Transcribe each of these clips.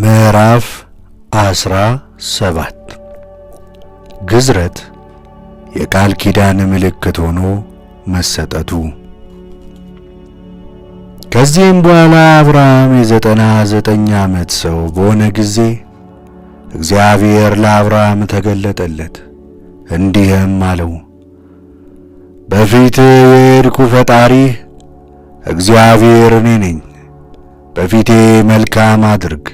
ምዕራፍ አስራ ሰባት ግዝረት የቃል ኪዳን ምልክት ሆኖ መሰጠቱ። ከዚህም በኋላ አብርሃም የዘጠና ዘጠኝ ዓመት ሰው በሆነ ጊዜ እግዚአብሔር ለአብርሃም ተገለጠለት፣ እንዲህም አለው በፊት የሄድኩ ፈጣሪህ እግዚአብሔር እኔ ነኝ። በፊቴ መልካም አድርግ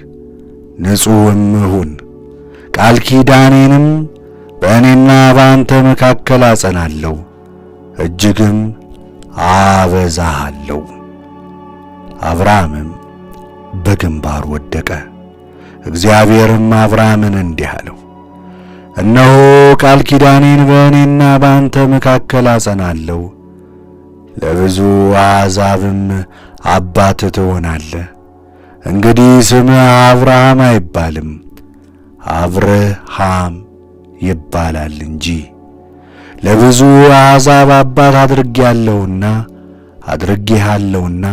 ንጹሕም ሁን። ቃል ኪዳኔንም በእኔና በአንተ መካከል አጸናለሁ፣ እጅግም አበዛሃለሁ። አብርሃምም በግንባር ወደቀ። እግዚአብሔርም አብርሃምን እንዲህ አለው፣ እነሆ ቃል ኪዳኔን በእኔና በአንተ መካከል አጸናለሁ፣ ለብዙ አሕዛብም አባት ትሆናለህ። እንግዲህ ስምህ አብርሃም አይባልም አብርሃም ይባላል እንጂ ለብዙ አሕዛብ አባት አድርጌያለሁና አድርጌሃለሁና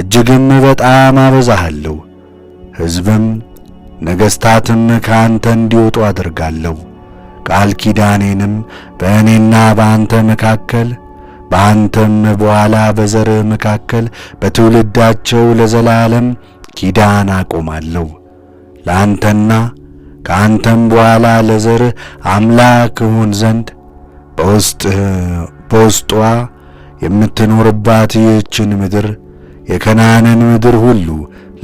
እጅግም በጣም አበዛሃለሁ። ሕዝብም ነገሥታትም ከአንተ እንዲወጡ አድርጋለሁ። ቃል ኪዳኔንም በእኔና በአንተ መካከል በአንተም በኋላ በዘርህ መካከል በትውልዳቸው ለዘላለም ኪዳን አቆማለሁ ለአንተና ከአንተም በኋላ ለዘርህ አምላክ እሆን ዘንድ በውስጧ የምትኖርባት ይህችን ምድር የከናንን ምድር ሁሉ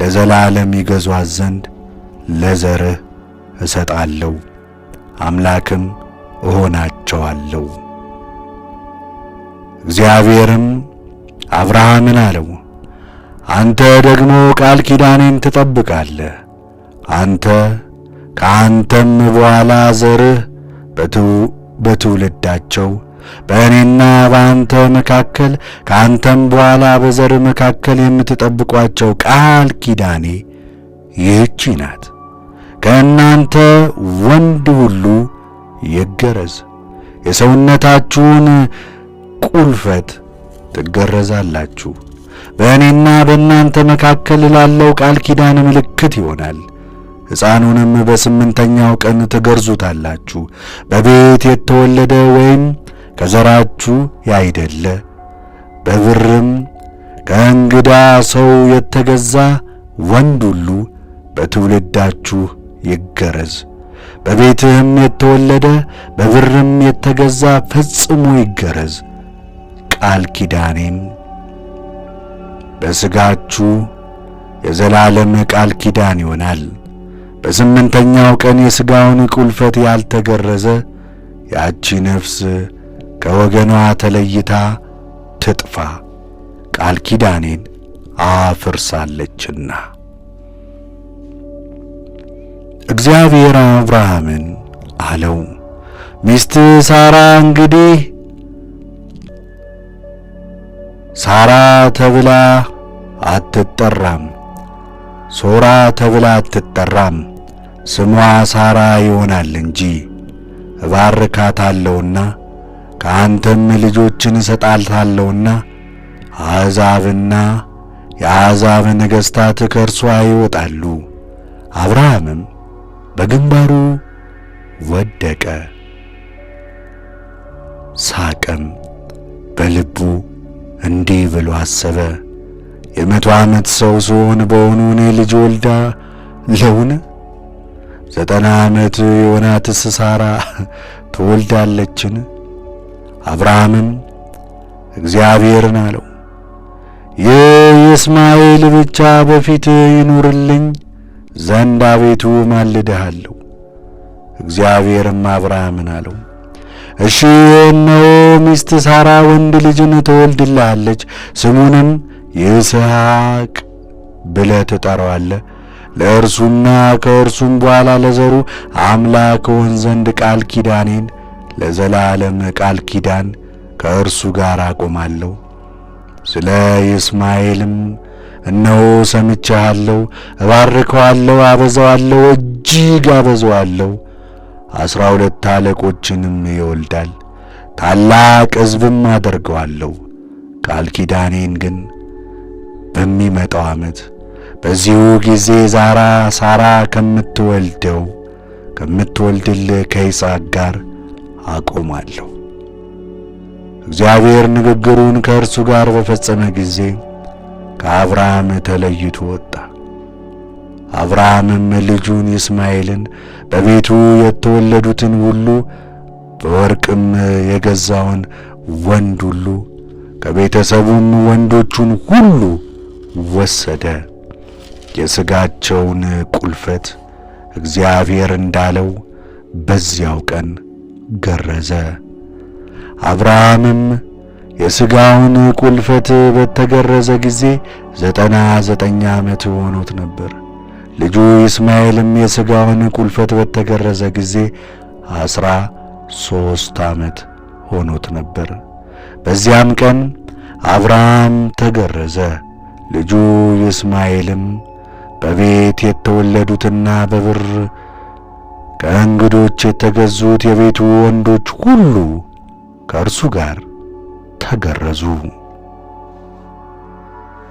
ለዘላለም ይገዟት ዘንድ ለዘርህ እሰጣለሁ፣ አምላክም እሆናቸዋለሁ። እግዚአብሔርም አብርሃምን አለው አንተ ደግሞ ቃል ኪዳኔን ትጠብቃለህ። አንተ ከአንተም በኋላ ዘርህ በትውልዳቸው በእኔና በአንተ መካከል ከአንተም በኋላ በዘር መካከል የምትጠብቋቸው ቃል ኪዳኔ ይህቺ ናት። ከእናንተ ወንድ ሁሉ ይገረዝ፣ የሰውነታችሁን ቁልፈት ትገረዛላችሁ። በእኔና በእናንተ መካከል ላለው ቃል ኪዳን ምልክት ይሆናል። ሕፃኑንም በስምንተኛው ቀን ትገርዙታላችሁ። በቤት የተወለደ ወይም ከዘራችሁ ያይደለ በብርም ከእንግዳ ሰው የተገዛ ወንድ ሁሉ በትውልዳችሁ ይገረዝ። በቤትህም የተወለደ በብርም የተገዛ ፈጽሞ ይገረዝ። ቃል ኪዳኔም። በሥጋችሁ የዘላለም ቃል ኪዳን ይሆናል። በስምንተኛው ቀን የሥጋውን ቁልፈት ያልተገረዘ ያቺ ነፍስ ከወገኗ ተለይታ ትጥፋ፣ ቃል ኪዳኔን አፍርሳለችና። እግዚአብሔር አብርሃምን አለው፣ ሚስት ሳራ እንግዲህ ሳራ ተብላ አትጠራም፣ ሶራ ተብላ አትጠራም። ስሟ ሳራ ይሆናል እንጂ እባርካታለሁና ከአንተም ልጆችን እሰጣልታለሁና አሕዛብና የአሕዛብ ነገሥታት ከእርሷ ይወጣሉ። አብርሃምም በግንባሩ ወደቀ፣ ሳቀም። እንዲህ ብሎ አሰበ። የመቶ ዓመት ሰው ስሆን በሆኑ እኔ ልጅ ወልዳ ለውን ዘጠና ዓመት የሆናትስ ሳራ ትወልዳለችን? አብርሃምም እግዚአብሔርን አለው፣ ይህ የእስማኤል ብቻ በፊት ይኑርልኝ ዘንድ አቤቱ ማልድሃለሁ። እግዚአብሔርም አብርሃምን አለው እሺ እነሆ ሚስት ሳራ ወንድ ልጅን ትወልድልሃለች፣ ስሙንም ይስሐቅ ብለህ ትጠራዋለህ። ለእርሱና ከእርሱም በኋላ ለዘሩ አምላክ እሆን ዘንድ ቃል ኪዳኔን ለዘላለም ቃል ኪዳን ከእርሱ ጋር አቆማለሁ። ስለ ይስማኤልም እነሆ ሰምቻለሁ፣ እባርከዋለሁ፣ አበዛዋለሁ፣ እጅግ አበዛዋለሁ አስራ ሁለት አለቆችንም ይወልዳል፣ ታላቅ ሕዝብም አደርገዋለሁ። ቃል ኪዳኔን ግን በሚመጣው ዓመት በዚሁ ጊዜ ዛራ ሳራ ከምትወልደው ከምትወልድልህ ከይስሐቅ ጋር አቆማለሁ። እግዚአብሔር ንግግሩን ከእርሱ ጋር በፈጸመ ጊዜ ከአብርሃም ተለይቶ ወጣ። አብርሃምም ልጁን ይስማኤልን በቤቱ የተወለዱትን ሁሉ በወርቅም የገዛውን ወንድ ሁሉ ከቤተሰቡም ወንዶቹን ሁሉ ወሰደ። የሥጋቸውን ቁልፈት እግዚአብሔር እንዳለው በዚያው ቀን ገረዘ። አብርሃምም የሥጋውን ቁልፈት በተገረዘ ጊዜ ዘጠና ዘጠኝ ዓመት ሆኖት ነበር። ልጁ ይስማኤልም የሥጋውን ቁልፈት በተገረዘ ጊዜ አስራ ሦስት ዓመት ሆኖት ነበር። በዚያም ቀን አብርሃም ተገረዘ። ልጁ ይስማኤልም በቤት የተወለዱትና በብር ከእንግዶች የተገዙት የቤቱ ወንዶች ሁሉ ከእርሱ ጋር ተገረዙ።